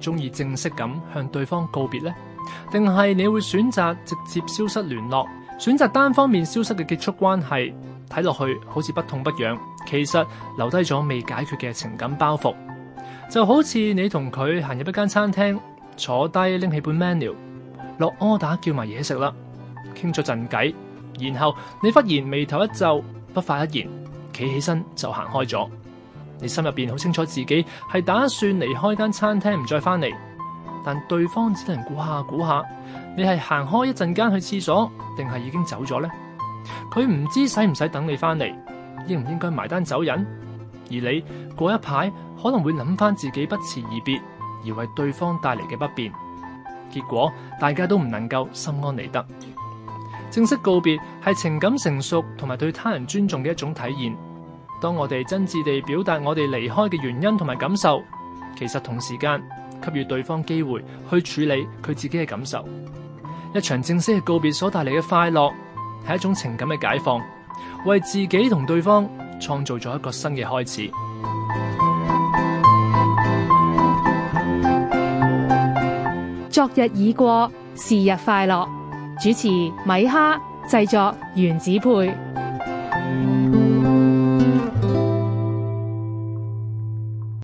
中意正式咁向對方告別呢？定係你會選擇直接消失聯絡，選擇單方面消失嘅結束關係？睇落去好似不痛不癢，其實留低咗未解決嘅情感包袱。就好似你同佢行入一間餐廳，坐低拎起本 menu，落 order 叫埋嘢食啦，傾咗陣偈，然後你忽然眉頭一皺，不發一言，企起身就行開咗。你心入邊好清楚自己係打算離開間餐廳唔再翻嚟，但對方只能估下估下，你係行開一陣間去廁所，定係已經走咗咧？佢唔知使唔使等你翻嚟，應唔應該埋單走人？而你過一排可能會諗翻自己不辭而別，而為對方帶嚟嘅不便，結果大家都唔能夠心安理得。正式告別係情感成熟同埋對他人尊重嘅一種體現。當我哋真摯地表達我哋離開嘅原因同埋感受，其實同時間給予對方機會去處理佢自己嘅感受。一場正式嘅告別所帶嚟嘅快樂，係一種情感嘅解放，為自己同對方創造咗一個新嘅開始。昨日已過，是日快樂。主持米哈，製作袁子佩。